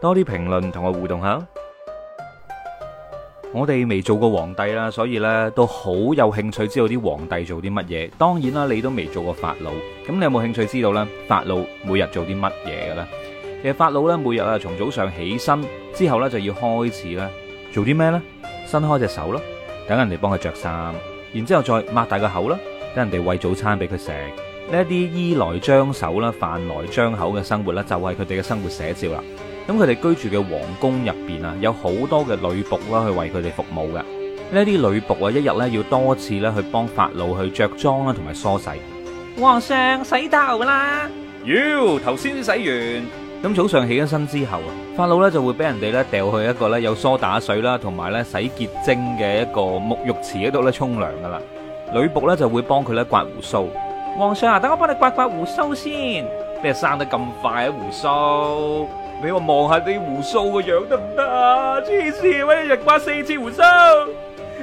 多啲評論同我互動下。我哋未做過皇帝啦，所以呢都好有興趣知道啲皇帝做啲乜嘢。當然啦，你都未做過法老，咁你有冇興趣知道呢？法老每日做啲乜嘢嘅咧？其實法老呢，每日啊，從早上起身之後呢，就要開始呢做啲咩呢？伸開隻手啦，等人哋幫佢着衫，然之後再擘大個口啦，等人哋喂早餐俾佢食。呢一啲衣來張手啦，飯來張口嘅生活呢，就係佢哋嘅生活寫照啦。咁佢哋居住嘅皇宮入邊啊，有好多嘅女僕啦，去為佢哋服務嘅。呢啲女僕啊，一日呢要多次呢去幫法老去着裝啦，同埋梳洗。皇上洗頭啦，喲，頭先先洗完。咁早上起咗身之後啊，法老呢就會俾人哋呢掉去一個呢有梳打水啦，同埋呢洗潔精嘅一個沐浴池喺度呢沖涼噶啦。女僕呢就會幫佢呢刮鬍鬚。皇上啊，等我幫你刮刮鬍鬚先，啲生得咁快啊鬍鬚。你話望下你鬍鬚個樣得唔得啊？黐線，我一日刮四次鬍鬚，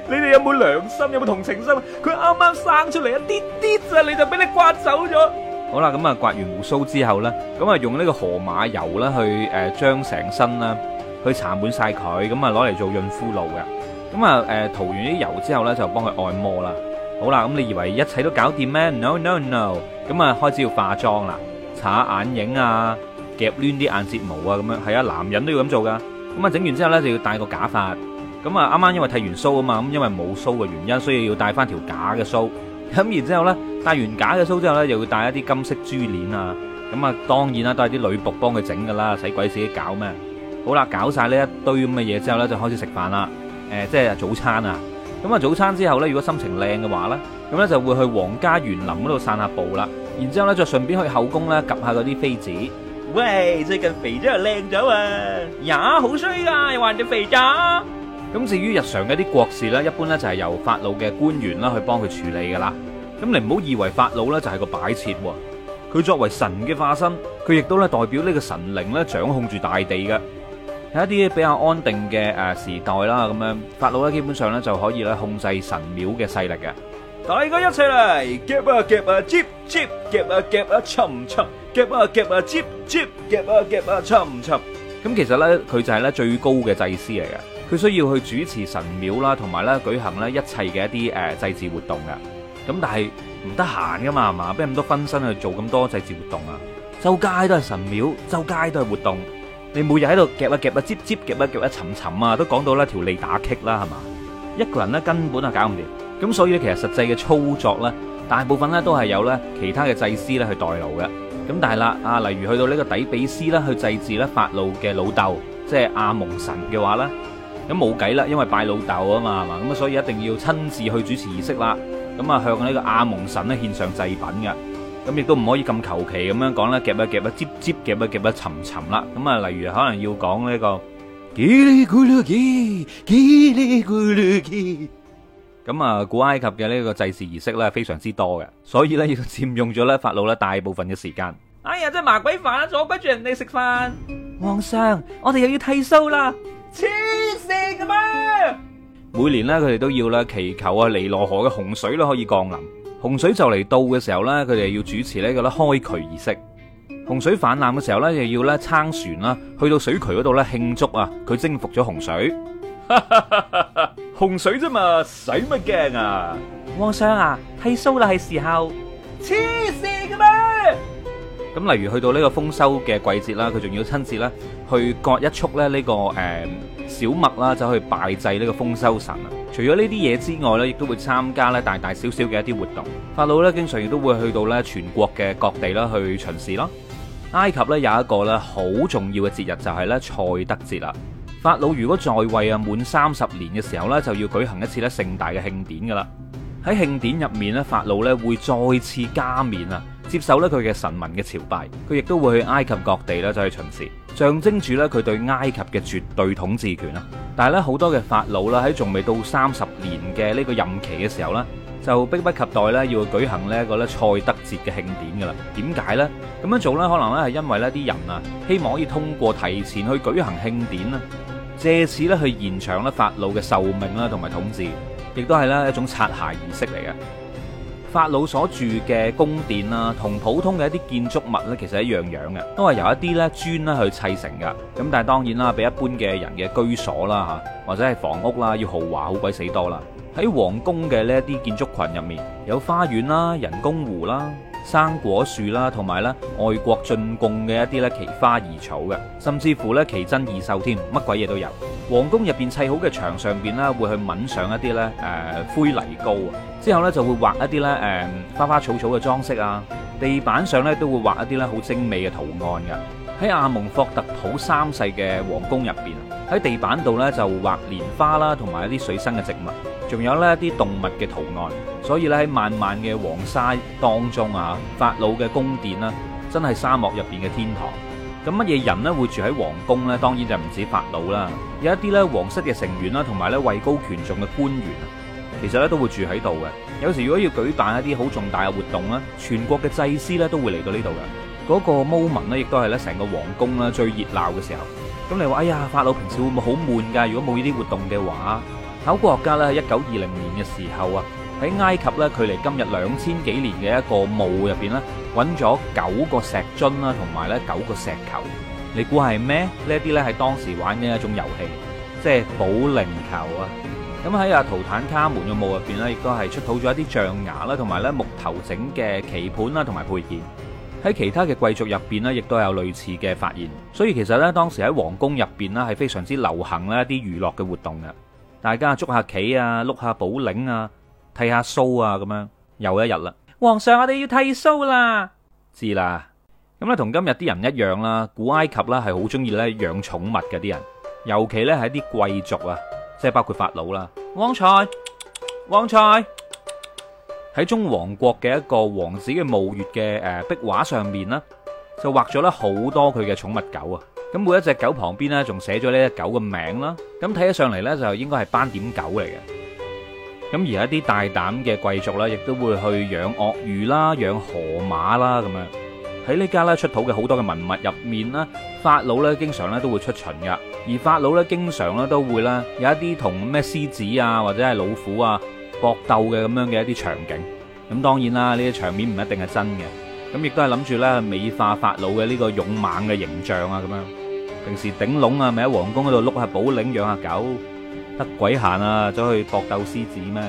你哋有冇良心？有冇同情心？佢啱啱生出嚟一啲啲咋，你就俾你刮走咗。好啦，咁啊，刮完鬍鬚之後咧，咁啊，用呢個河馬油啦，去誒將成身啦，去搽滿晒佢，咁啊攞嚟做潤膚露嘅。咁啊誒塗完啲油之後咧，就幫佢按摩啦。好啦，咁你以為一切都搞掂咩？No no no！咁啊開始要化妝啦，搽下眼影啊。夾攣啲眼睫毛啊，咁樣係啊，男人都要咁做噶。咁啊，整完之後呢，就要戴個假髮。咁啊，啱啱因為剃完鬚啊嘛，咁因為冇鬚嘅原因，所以要戴翻條假嘅鬚。咁然之後呢，戴完假嘅鬚之後呢，又要戴一啲金色珠鏈啊。咁啊，當然啦，都係啲女僕幫佢整噶啦，使鬼自己搞咩？好啦，搞晒呢一堆咁嘅嘢之後呢，就開始食飯啦。誒，即係早餐啊。咁啊，早餐之後呢，如果心情靚嘅話呢，咁呢就會去皇家園林嗰度散下步啦。然之後呢，再順便去後宮呢，及下嗰啲妃子。喂，最近肥咗又靚咗啊，呀，好衰噶，又話隻肥仔。咁至於日常嘅啲國事咧，一般咧就係由法老嘅官員啦去幫佢處理噶啦。咁你唔好以為法老咧就係個擺設，佢作為神嘅化身，佢亦都咧代表呢個神靈咧掌控住大地嘅。喺一啲比較安定嘅誒時代啦，咁樣法老咧基本上咧就可以咧控制神廟嘅勢力嘅。大家一齊嚟，夾啊夾啊，接接，夾啊夾啊，沉沉。夾啊夾啊，接接夾啊夾啊，插唔插？咁、啊啊、其實呢，佢就係咧最高嘅祭司嚟嘅，佢需要去主持神廟啦，同埋呢舉行咧一切嘅一啲誒祭祀活動嘅。咁但係唔得閒噶嘛，係嘛，邊有咁多分身去做咁多祭祀活動啊？周街都係神廟，周街都係活動，你每日喺度夾啊夾啊，接接夾啊夾啊，沉沉啊，都講到呢條脷打交啦，係嘛？一個人呢，根本就搞唔掂，咁所以其實實際嘅操作呢，大部分呢，都係有呢其他嘅祭司呢去代勞嘅。咁但係啦，啊，例如去到呢個底比斯啦，去祭祀咧法老嘅老豆，即係阿蒙神嘅話啦，咁冇計啦，因為拜老豆啊嘛，係嘛，咁啊，所以一定要親自去主持儀式啦，咁啊向呢個阿蒙神咧獻上祭品㗎，咁亦都唔可以咁求其咁樣講啦，夾一夾一，接接夾一夾一，沉沉啦，咁啊，例如可能要講呢個，咁啊，古埃及嘅呢個祭祀儀式咧非常之多嘅，所以咧要佔用咗咧法老咧大部分嘅時間。哎呀，真係麻鬼煩啊！阻住住人哋食飯。皇上，我哋又要剃鬚啦。黐線噶咩？每年咧，佢哋都要啦祈求啊尼羅河嘅洪水啦可以降臨。洪水就嚟到嘅時候咧，佢哋要主持呢個開渠儀式。洪水泛濫嘅時候咧，又要咧撐船啦，去到水渠嗰度咧慶祝啊，佢征服咗洪水。 洪水啫嘛，使乜驚啊？皇上啊，剃鬚啦係時候。黐線噶咩？咁例如去到呢個豐收嘅季節啦，佢仲要親自咧去割一束咧、這、呢個誒、嗯、小麥啦，就去拜祭呢個豐收神啊！除咗呢啲嘢之外呢，亦都會參加呢大大小小嘅一啲活動。法老呢經常亦都會去到呢全國嘅各地啦去巡視咯。埃及呢有一個呢好重要嘅節日就係呢賽德節啦。法老如果在位啊滿三十年嘅時候呢，就要舉行一次呢盛大嘅慶典噶啦。喺慶典入面呢，法老呢會再次加冕啊！接受咧佢嘅神民嘅朝拜，佢亦都會去埃及各地咧就去巡視，象徵住咧佢對埃及嘅絕對統治權啦。但係咧好多嘅法老啦喺仲未到三十年嘅呢個任期嘅時候咧，就迫不及待咧要舉行呢一個咧賽德節嘅慶典噶啦。點解呢？咁樣做咧，可能咧係因為咧啲人啊，希望可以通過提前去舉行慶典啦，借此咧去延長咧法老嘅壽命啦，同埋統治，亦都係咧一種擦鞋儀式嚟嘅。法老所住嘅宮殿啊，同普通嘅一啲建築物呢，其實是一樣樣嘅，都係由一啲呢磚呢去砌成噶。咁但係當然啦，比一般嘅人嘅居所啦，吓或者係房屋啦，要豪華好鬼死多啦。喺皇宮嘅呢啲建築群入面，有花園啦、人工湖啦。生果樹啦，同埋咧外國進貢嘅一啲咧奇花異草嘅，甚至乎咧奇珍異獸添，乜鬼嘢都有。皇宮入邊砌好嘅牆上邊咧，會去抿上一啲咧誒灰泥膏啊，之後咧就會畫一啲咧誒花花草草嘅裝飾啊。地板上咧都會畫一啲咧好精美嘅圖案嘅。喺阿蒙霍特普三世嘅皇宮入邊，喺地板度咧就畫蓮花啦，同埋一啲水生嘅植物。仲有呢一啲動物嘅圖案，所以咧喺漫漫嘅黃沙當中啊，法老嘅宮殿啦，真係沙漠入邊嘅天堂。咁乜嘢人呢？會住喺皇宮呢？當然就唔止法老啦，有一啲咧皇室嘅成員啦，同埋咧位高權重嘅官員，其實咧都會住喺度嘅。有時如果要舉辦一啲好重大嘅活動啦，全國嘅祭司咧都會嚟到呢度嘅。嗰個 moment 咧，亦都係咧成個皇宮啦最熱鬧嘅時候。咁你話哎呀，法老平時會唔會好悶噶？如果冇呢啲活動嘅話？考古學家咧，喺一九二零年嘅時候啊，喺埃及咧，距離今日兩千幾年嘅一個墓入邊揾咗九個石樽啦，同埋咧九個石球。你估係咩？呢一啲咧係當時玩嘅一種遊戲，即係保齡球啊。咁喺阿圖坦卡門嘅墓入邊，亦都係出土咗一啲象牙啦，同埋咧木頭整嘅棋盤啦，同埋配件。喺其他嘅貴族入邊，亦都有類似嘅發現。所以其實呢當時喺皇宮入邊，係非常之流行呢一啲娛樂嘅活動嘅。大家捉下棋啊，碌下保齡啊，剃下鬚啊，咁樣又一日啦。皇上，我哋要剃須啦。知啦，咁咧同今日啲人一樣啦，古埃及咧係好中意咧養寵物嘅啲人，尤其咧係一啲貴族啊，即係包括法老啦。旺財，旺財，喺中王國嘅一個王子嘅墓穴嘅誒壁畫上面咧，就畫咗咧好多佢嘅寵物狗啊。咁每一隻狗旁邊呢，仲寫咗呢隻狗嘅名啦。咁睇起上嚟呢，就應該係斑點狗嚟嘅。咁而一啲大膽嘅貴族呢，亦都會去養鱷魚啦、養河馬啦咁樣。喺呢家呢，出土嘅好多嘅文物入面啦，法老呢，經常呢都會出巡噶。而法老呢，經常都會啦有一啲同咩獅子啊或者係老虎啊搏鬥嘅咁樣嘅一啲場景。咁當然啦，呢啲場面唔一定係真嘅。咁亦都係諗住呢，美化法老嘅呢個勇猛嘅形象啊咁樣。平時頂籠啊，咪喺皇宮嗰度碌下保齡，養下狗，得鬼閒啊，走去搏鬥獅子咩？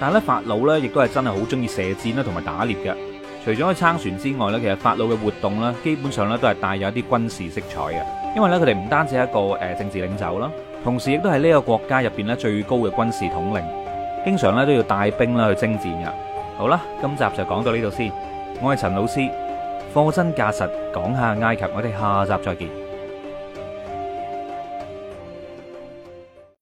但係咧，法老咧亦都係真係好中意射箭啦，同埋打獵嘅。除咗去撐船之外咧，其實法老嘅活動咧，基本上咧都係帶有一啲軍事色彩嘅。因為咧，佢哋唔單止係一個誒政治領袖啦，同時亦都係呢個國家入邊咧最高嘅軍事統領，經常咧都要帶兵啦去征戰嘅。好啦，今集就講到呢度先。我係陳老師，貨真價實講下埃及，我哋下集再見。